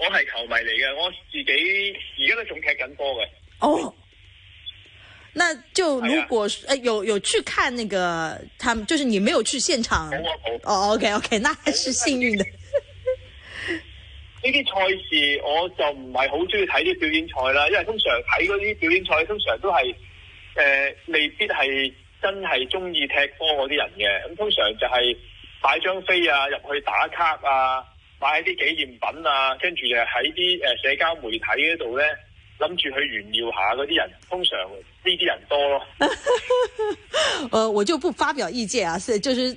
我係球迷嚟嘅，我自己而家都仲踢緊波嘅。哦，那就如果、啊、有有去看那個，他們就是你沒有去現場。好好哦，OK OK，那還是幸運的。呢 啲賽事我就唔係好中意睇啲表演賽啦，因為通常睇嗰啲表演賽，通常都係誒、呃、未必係真係中意踢波嗰啲人嘅。咁通常就係擺張飛啊，入去打卡啊。買啲紀念品啊，跟住就喺啲誒社交媒體嗰度咧，諗住去炫耀下嗰啲人，通常呢啲人多咯。誒、 呃，我就不發表意見啊，是就是。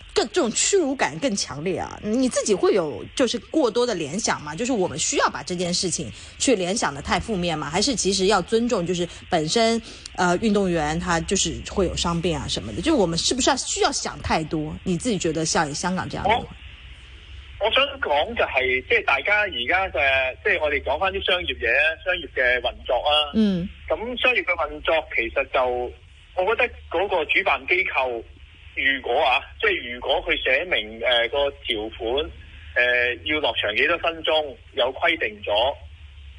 更這種屈辱感更強烈啊！你自己會有就是過多的聯想嗎？就是我們需要把這件事情去聯想得太負面嗎？還是其實要尊重，就是本身呃運動員他就是會有傷病啊什麼的。就我們是不是需要想太多？你自己覺得像香港這樣我？我我想講就係，即係大家而家嘅，即係我哋講翻啲商業嘢，商業嘅運作啊。嗯。咁商業嘅運作其實就，我覺得嗰個主辦機構。如果啊，即係如果佢寫明誒、呃那個條款誒、呃、要落場幾多分鐘有規定咗，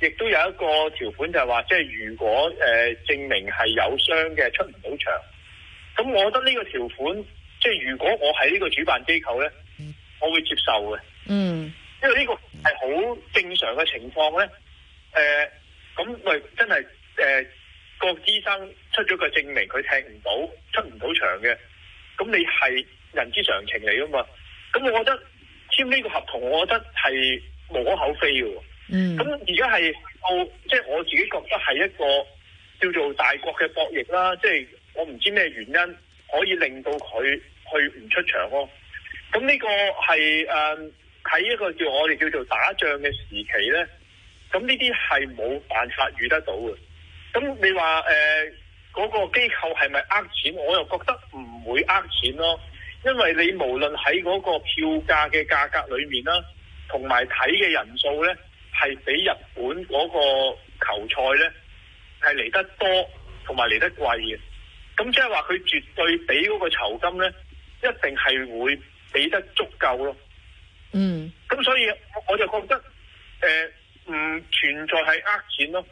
亦都有一個條款就係話，即係如果誒、呃、證明係有傷嘅出唔到場，咁我覺得呢個條款，即係如果我喺呢個主辦機構咧，我會接受嘅。嗯，因為呢個係好正常嘅情況咧。誒、呃，咁喂，真係誒個醫生出咗個證明，佢踢唔到出唔到場嘅。咁你係人之常情嚟噶嘛。咁我覺得簽呢個合同，我覺得係無可厚非嘅。咁而家係我即係我自己覺得係一個叫做大國嘅博弈啦。即係我唔知咩原因可以令到佢去唔出場咯、啊。咁呢個係誒喺一個叫我哋叫做打仗嘅時期咧。咁呢啲係冇辦法預得到嘅。咁你話誒，呃嗰個機構係咪呃錢？我又覺得唔會呃錢咯，因為你無論喺嗰個票價嘅價格裡面啦，同埋睇嘅人數呢，係比日本嗰個球賽呢係嚟得多，同埋嚟得貴嘅。咁即係話佢絕對俾嗰個酬金呢，一定係會俾得足夠咯。嗯。咁所以我就覺得誒，唔存在係呃錢咯。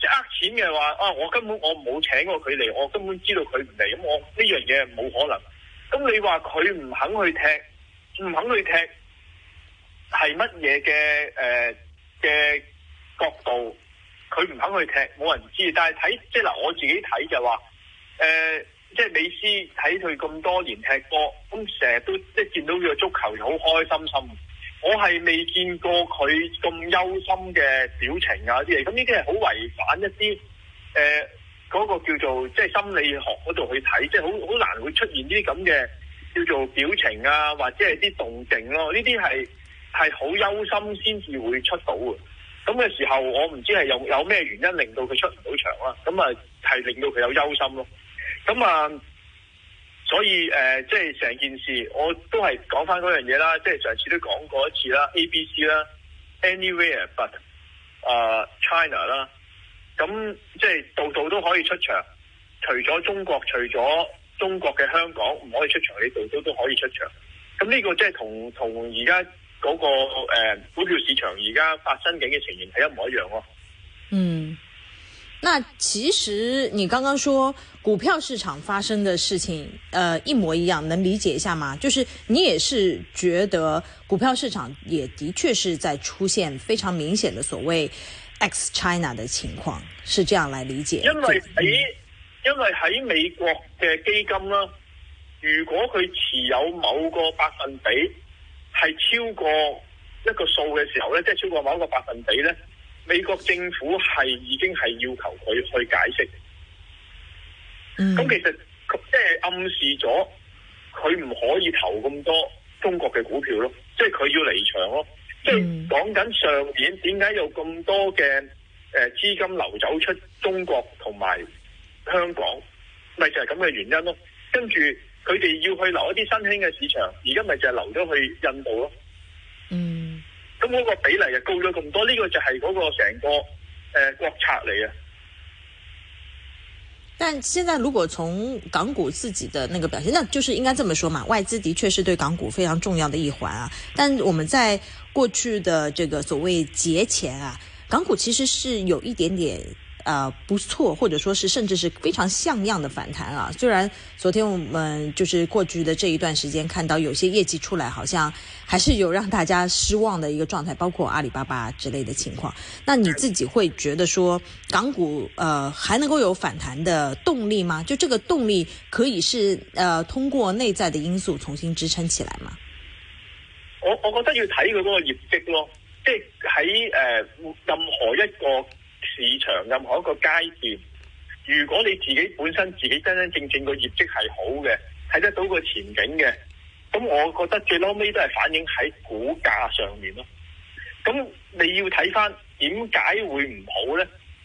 即呃錢嘅話，啊！我根本我冇請過佢嚟，我根本知道佢唔嚟，咁我呢樣嘢冇可能。咁你話佢唔肯去踢，唔肯去踢係乜嘢嘅誒嘅角度？佢唔肯去踢，冇、呃、人知。但係睇即係嗱，就是、我自己睇就話誒，即、呃、係、就是、美斯睇佢咁多年踢波，咁成日都即係見到佢個足球好開心心，我係未見過佢咁憂心嘅表情啊！啲嘢咁，呢啲係好違反一啲誒嗰個叫做即係心理學嗰度去睇，即係好好難會出現呢啲咁嘅叫做表情啊，或者係啲動靜咯。呢啲係係好憂心先至會出到嘅。咁嘅時候我不，我唔知係有有咩原因令到佢出唔到場啦。咁啊係令到佢有憂心咯。咁啊～所以誒，即係成件事，我都係講翻嗰樣嘢啦，即係上次都講過一次啦，A、B、C 啦，anywhere but 啊、uh, China 啦，咁即係度度都可以出場，除咗中國，除咗中國嘅香港唔可以出場，你度都都可以出場。咁呢個即係同同而家嗰個、呃、股票市場而家發生緊嘅情形係一模一樣咯、哦。嗯。那其實你剛剛說股票市場發生的事情，呃，一模一樣，能理解一下嗎？就是你也是覺得股票市場也的確是在出現非常明顯的所謂 X China 的情況，是這樣來理解因？因為喺因為喺美國嘅基金啦，如果佢持有某個百分比係超過一個數嘅時候咧，即係超過某個百分比咧。美國政府係已經係要求佢去解釋，咁其實即係暗示咗佢唔可以投咁多中國嘅股票咯，即係佢要離場咯。即係講緊上年點解有咁多嘅誒資金流走出中國同埋香港，咪就係咁嘅原因咯。跟住佢哋要去留一啲新興嘅市場，而家咪就係留咗去印度咯。嗰個比例又高咗咁多，呢個就係嗰個成個誒國策嚟啊！但現在如果從港股自己的那個表現，那就是應該這麼說嘛，外資的確是對港股非常重要的一環啊。但我們在過去的這個所謂節前啊，港股其實是有一點點。呃，不錯，或者說是甚至是非常像樣的反彈啊！雖然昨天我們就是過去的這一段時間，看到有些業績出來，好像還是有讓大家失望的一個狀態，包括阿里巴巴之類的情況。那你自己會覺得說，港股呃還能夠有反彈的動力嗎？就這個動力可以是呃通過內在的因素重新支撐起來嗎？我我覺得要睇佢嗰個業績咯，即係喺誒任何一個。市場任何一個階段，如果你自己本身自己真真正正個業績係好嘅，睇得到個前景嘅，咁我覺得最嬲尾都係反映喺股價上面咯。咁你要睇翻點解會唔好呢？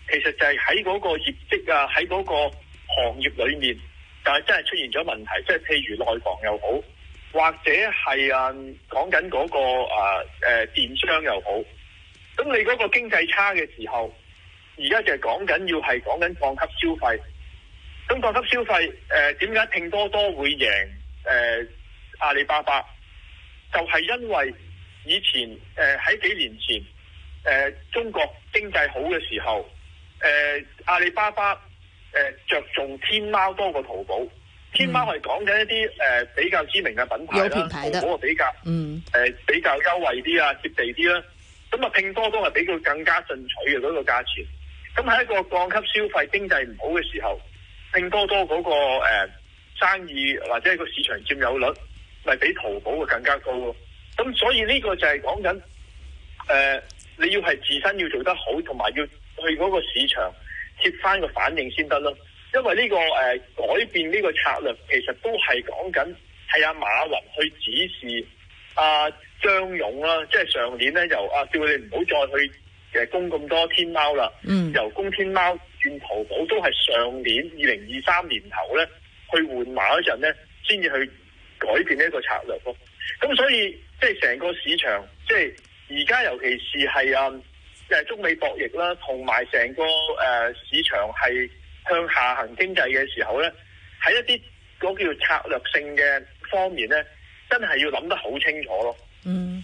其實就係喺嗰個業績啊，喺嗰個行業裡面，但係真係出現咗問題，即係譬如內房又好，或者係啊講緊嗰個啊誒電商又好，咁你嗰個經濟差嘅時候。而家就係講緊要係講緊降級消費，咁降級消費，誒點解拼多多會贏誒、呃、阿里巴巴？就係、是、因為以前誒喺、呃、幾年前，誒、呃、中國經濟好嘅時候，誒、呃、阿里巴巴誒、呃、着重天貓多過淘寶，嗯、天貓係講緊一啲誒、呃、比較知名嘅品牌啦，淘寶就比較嗯誒、呃、比較優惠啲啊，貼地啲啦。咁啊，拼多多係俾佢更加進取嘅嗰個價錢。咁喺一個降級消費、經濟唔好嘅時候，拼多多、那、嗰個、呃、生意或者個市場佔有率，咪比淘寶嘅更加高咯。咁所以呢個就係講緊誒，你要係自身要做得好，同埋要去嗰個市場貼翻個反應先得咯。因為呢、這個誒、呃、改變呢個策略，其實都係講緊係阿馬雲去指示阿張、啊、勇啦，即、啊、係、就是、上年咧由阿叫佢哋唔好再去。其實供咁多天貓啦，由供天貓轉淘寶都係上年二零二三年頭咧，去換馬嗰陣咧，先至去改變呢一個策略咯。咁所以即係成個市場，即係而家尤其是係啊，誒、即係、中美博弈啦，同埋成個誒、啊、市場係向下行經濟嘅時候咧，喺一啲嗰、嗰、叫策略性嘅方面咧，真係要諗得好清楚咯。嗯。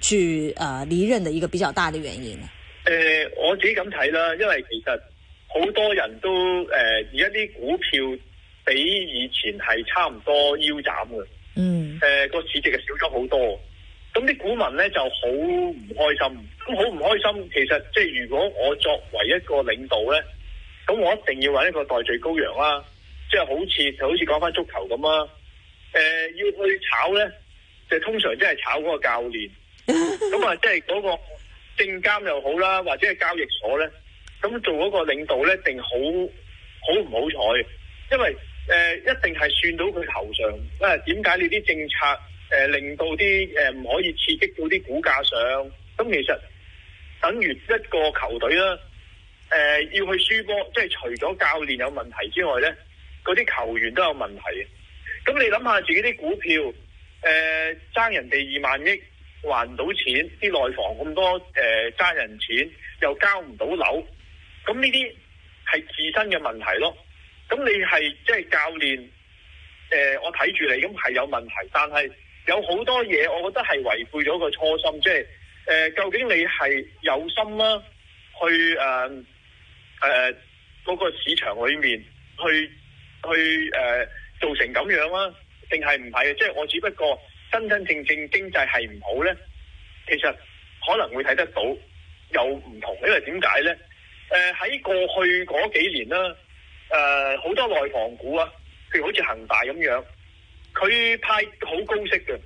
去誒離、呃、任的一個比較大的原因咧。誒、呃，我自己咁睇啦，因為其實好多人都誒而家啲股票比以前係差唔多腰斬嘅。嗯。誒、呃，個市值又少咗好多，咁啲股民咧就好唔開心。咁好唔開心，其實即係如果我作為一個領導咧，咁我一定要話一個代罪羔羊，啊、啦。即、就、係、是、好似就好似講翻足球咁啦，啊。誒、呃，要去炒咧，就通常即係炒嗰個教練。咁啊，即係嗰個證監又好啦，或者係交易所咧，咁做嗰個領導咧、呃，一定好好唔好彩嘅，因為誒一定係算到佢頭上、啊、為點解你啲政策誒、呃、令到啲誒唔可以刺激到啲股價上？咁其實等於一個球隊啦，誒、呃、要去輸波，即、就、係、是、除咗教練有問題之外咧，嗰啲球員都有問題，咁你諗下自己啲股票誒爭、呃、人哋二萬億。還唔到錢，啲內房咁多誒揸、呃、人錢，又交唔到樓，咁呢啲係自身嘅問題咯。咁你係即係教練誒、呃，我睇住你，咁係有問題。但係有好多嘢，我覺得係違背咗個初心，即係誒究竟你係有心啦，去誒誒嗰個市場裏面去去誒、呃、造成咁樣啊？定係唔係啊？即係我只不過。真真正正經濟係唔好呢，其實可能會睇得到，又唔同，因為點解呢？誒、呃、喺過去嗰幾年啦，誒、呃、好多內房股啊，譬如好似恒大咁樣，佢派好高息嘅，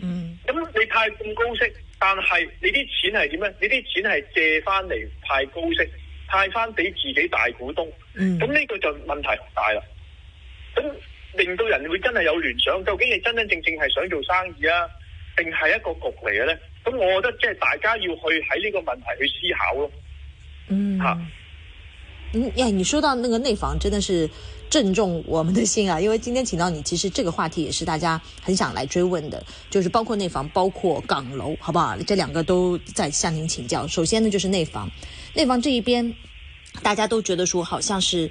嗯，咁你派咁高息，但係你啲錢係點呢？你啲錢係借翻嚟派高息，派翻俾自己大股東，嗯，咁呢個就問題大啦，咁。令到人會真係有聯想，究竟你真真正正係想做生意啊，定係一個局嚟嘅咧？咁我覺得即係大家要去喺呢個問題去思考咯、啊。嗯，吓、啊，嗯呀，你說到那個內房，真的是正中我們的心啊！因為今天請到你，其實這個話題也是大家很想來追問的，就是包括內房，包括港樓，好不好？這兩個都在向您請教。首先呢，就是內房，內房這一邊，大家都覺得說，好像是。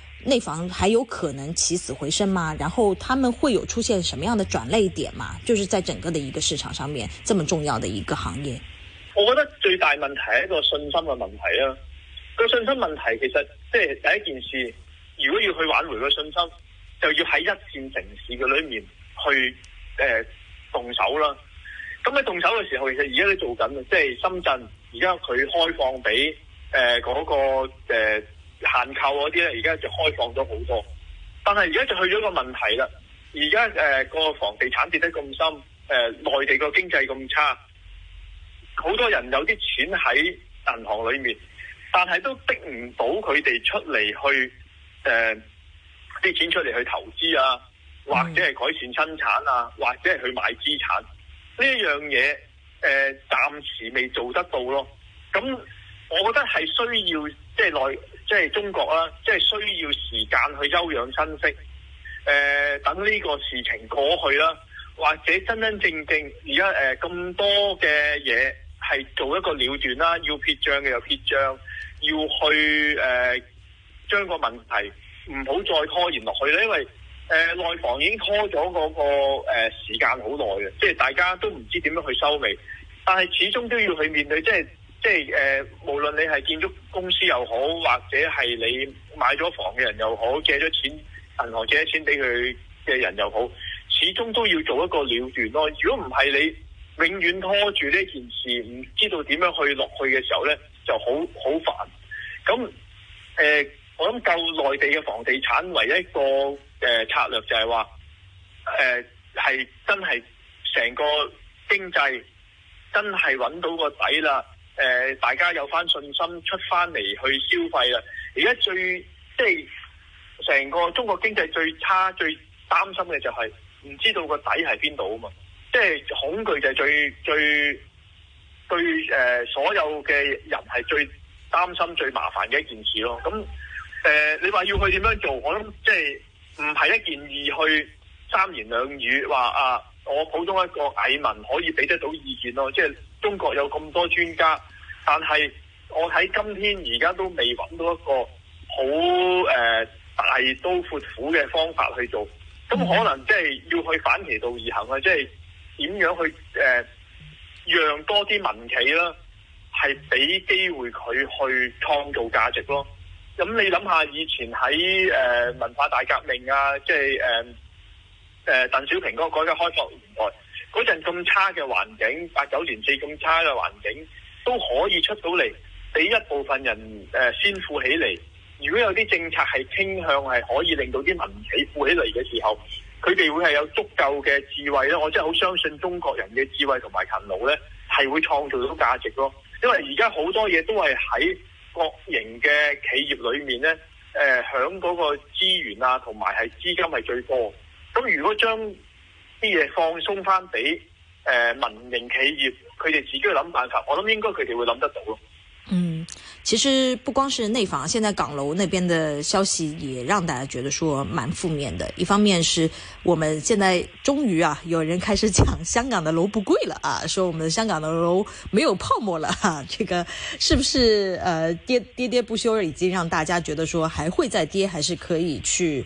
內房還有可能起死回生嗎？然後他們會有出現什麼樣的轉捩點嗎？就是在整個的一個市場上面這麼重要的一個行業，我覺得最大問題係一個信心嘅問題啦、啊。這個信心問題其實即係、就是、第一件事，如果要去挽回個信心，就要喺一線城市嘅裡面去誒、呃、動手啦。咁喺動手嘅時候，其實而家都在做緊嘅，即、就、係、是、深圳而家佢開放俾誒嗰個誒。呃限購嗰啲咧，而家就開放咗好多，但係而家就去咗個問題啦。而家誒個房地產跌得咁深、呃，內地個經濟咁差，好多人有啲錢喺銀行裏面，但係都逼唔到佢哋出嚟去誒啲、呃、錢出嚟去投資啊，或者係改善生產啊，或者係去買資產呢樣嘢、呃、暫時未做得到咯。咁我覺得係需要即係、即係、內。即係中國啦，即係需要時間去休養生息，誒、呃、等呢個事情過去啦，或者真真正正而家誒咁多嘅嘢係做一個了斷啦，要撇帳嘅又撇帳，要去誒、呃、將個問題唔好再拖延落去啦，因為誒、呃、內房已經拖咗嗰、那個誒、呃、時間好耐嘅，即係大家都唔知點樣去收尾，但係始終都要去面對，即係。即係誒、呃，無論你係建築公司又好，或者係你買咗房嘅人又好，借咗錢銀行借咗錢俾佢嘅人又好，始終都要做一個了斷咯。如果唔係你永遠拖住呢件事，唔知道點樣去落去嘅時候咧，就好好煩。咁誒、呃，我諗救內地嘅房地産唯一,一個誒、呃、策略就，就係話誒係真係成個經濟真係揾到個底啦。呃、大家有翻信心出翻嚟去消費啦！而家最即係成個中國經濟最差、最擔心嘅就係、是、唔知道個底喺邊度啊嘛！即、就、係、是、恐懼就係最最最誒、呃，所有嘅人係最擔心、最麻煩嘅一件事咯。咁、嗯、誒、呃，你話要去點樣做？我諗即係唔係一件易去三言兩語話啊！我普通一個蟻民可以俾得到意見咯。即、就、係、是、中國有咁多專家。但係，我睇今天而家都未揾到一個好誒、呃、大刀闊斧嘅方法去做，咁可能即係要去反其道而行啊！即係點樣去誒、呃、讓多啲民企啦，係俾機會佢去創造價值咯。咁你諗下，以前喺誒、呃、文化大革命啊，即係誒鄧小平嗰個改革開放年代，嗰陣咁差嘅環境，八九年四咁差嘅環境。都可以出到嚟，俾一部分人、呃、先富起嚟。如果有啲政策係傾向係可以令到啲民企富起嚟嘅時候，佢哋會係有足夠嘅智慧咧。我真係好相信中國人嘅智慧同埋勤勞呢係會創造到價值咯。因為而家好多嘢都係喺國營嘅企業裏面呢，誒響嗰個資源啊同埋係資金係最多。咁如果將啲嘢放鬆翻俾誒民營企業。佢哋自己諗辦法，我諗應該佢哋會諗得到咯。嗯，其實不光是內房，現在港樓那邊的消息也讓大家覺得說蠻負面的。一方面是我們現在終於啊有人開始講香港的樓不貴了啊，說我們香港的樓沒有泡沫了啊。哈，這個是不是呃跌跌跌不休已經讓大家覺得說還會再跌，還是可以去？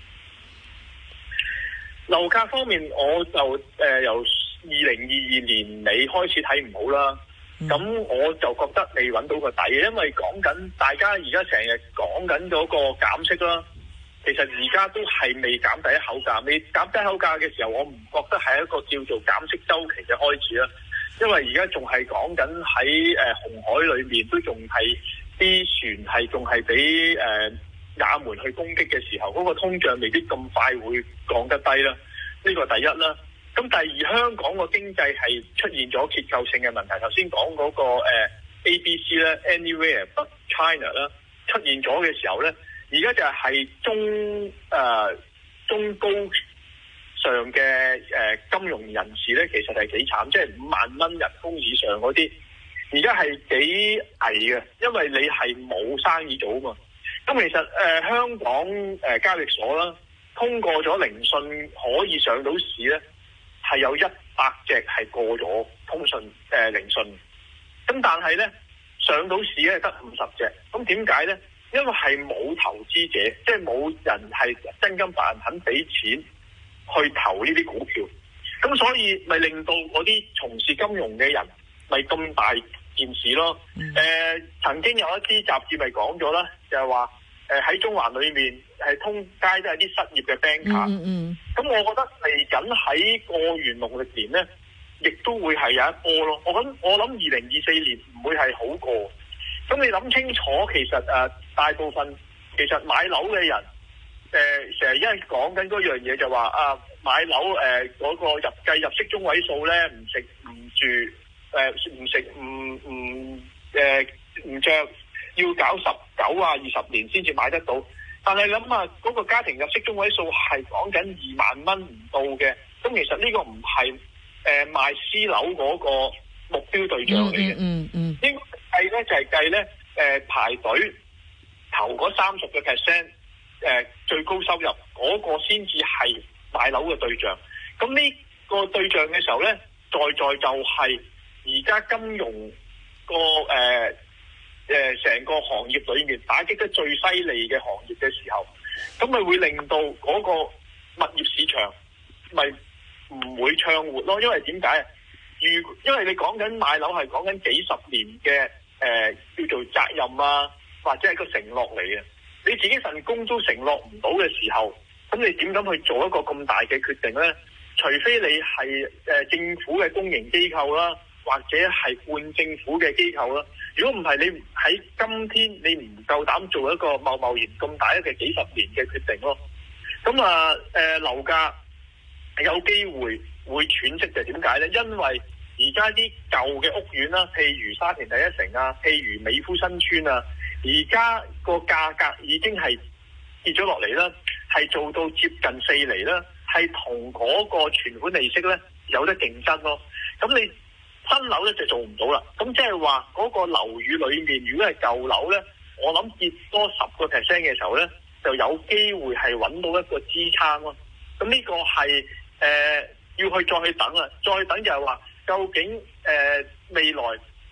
樓價方面，我就誒、呃、由二零二二年尾開始睇唔好啦。咁我就覺得未揾到個底，因為講緊大家而家成日講緊嗰個減息啦。其實而家都係未減第一口價，你減第一口價嘅時候，我唔覺得係一個叫做減息周期嘅開始啦。因為而家仲係講緊喺、呃、紅海裏面，都仲係啲船係仲係俾誒、打門去攻擊嘅時候，嗰、那個通脹未必咁快會降得低啦。呢、這個第一啦。咁第二，香港個經濟係出現咗結構性嘅問題。頭先講嗰個、呃、ABC 咧，Anywhere but China 啦，出現咗嘅時候咧，而家就係中誒、呃、中高上嘅誒、呃、金融人士咧，其實係幾慘，即係五萬蚊人工以上嗰啲，而家係幾危嘅，因為你係冇生意做啊嘛。咁其實誒、呃、香港誒、呃、交易所啦，通過咗聆訊可以上到市咧，係有一百隻係過咗通訊誒聆、呃、訊。咁但係咧上到市咧得五十隻，咁點解咧？因為係冇投資者，即係冇人係真金白銀肯俾錢去投呢啲股票。咁所以咪令到嗰啲從事金融嘅人咪咁大件事咯，誒、嗯、曾經有一啲雜誌咪講咗啦，就係話誒喺中環裏面係通街都係啲失業嘅 banker，咁我覺得嚟緊喺過完農曆年咧，亦都會係有一波咯。我諗我諗二零二四年唔會係好過。咁你諗清楚，其實誒、啊、大部分其實買樓嘅人誒成日因為講緊嗰樣嘢就話啊買樓誒嗰，啊嗰個入計入息中位數咧唔食唔住。誒唔食唔唔誒唔著，呃、要搞十九啊二十年先至買得到。但係諗下，嗰、嗰個家庭入息中位數係講緊二萬蚊唔到嘅，咁其實呢個唔係誒賣私樓嗰個目標對象嚟嘅、嗯。嗯嗯嗯，嗯應該計咧就係計咧誒排隊頭嗰三十個 percent，誒最高收入嗰、嗰個先至係買樓嘅對象。咁呢個對象嘅時候咧，在在就係、是。而家金融個誒誒成個行業裏面打擊得最犀利嘅行業嘅時候，咁咪會令到嗰個物業市場咪唔會暢活咯？因為點解啊？如因為你講緊買樓係講緊幾十年嘅誒叫做責任啊，或者係個承諾嚟嘅，你自己份工都承諾唔到嘅時候，咁你點敢去做一個咁大嘅決定咧？除非你係誒政府嘅公營機構啦。或者係換政府嘅機構啦。如果唔係，你喺今天你唔夠膽做一個貿貿然咁大一嘅幾十年嘅決定咯。咁啊，誒、呃、樓價有機會會喘息就點解呢？因為而家啲舊嘅屋苑啦，譬如沙田第一城啊，譬如美孚新村啊，而家個價格已經係跌咗落嚟啦，係做到接近四厘啦，係同嗰個存款利息呢有得競爭咯。咁你？新樓咧就做唔到啦，咁即係話嗰個樓宇裏面，如果係舊樓咧，我諗跌多十個 percent 嘅時候咧，就有機會係揾到一個支撐咯。咁呢個係誒、呃、要去再去等啊，再等就係話究竟誒、呃、未來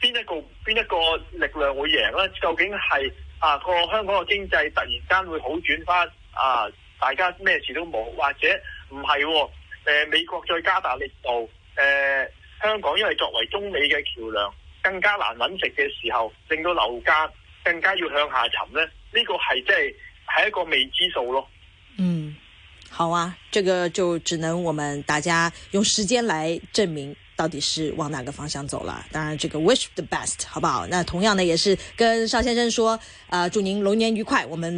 邊一個邊一個力量會贏咧？究竟係啊個香港嘅經濟突然間會好轉翻啊？大家咩事都冇，或者唔係喎？誒，美國再加大力度誒。呃香港因為作為中美嘅橋樑，更加難揾食嘅時候，令到樓價更加要向下沉咧，呢個係即係係一個未知數咯。嗯，好啊，這個就只能我們大家用時間來證明到底是往哪個方向走了。當然，這個 wish the best，好不好？那同樣呢，也是跟邵先生說，呃，祝您龍年愉快，我們。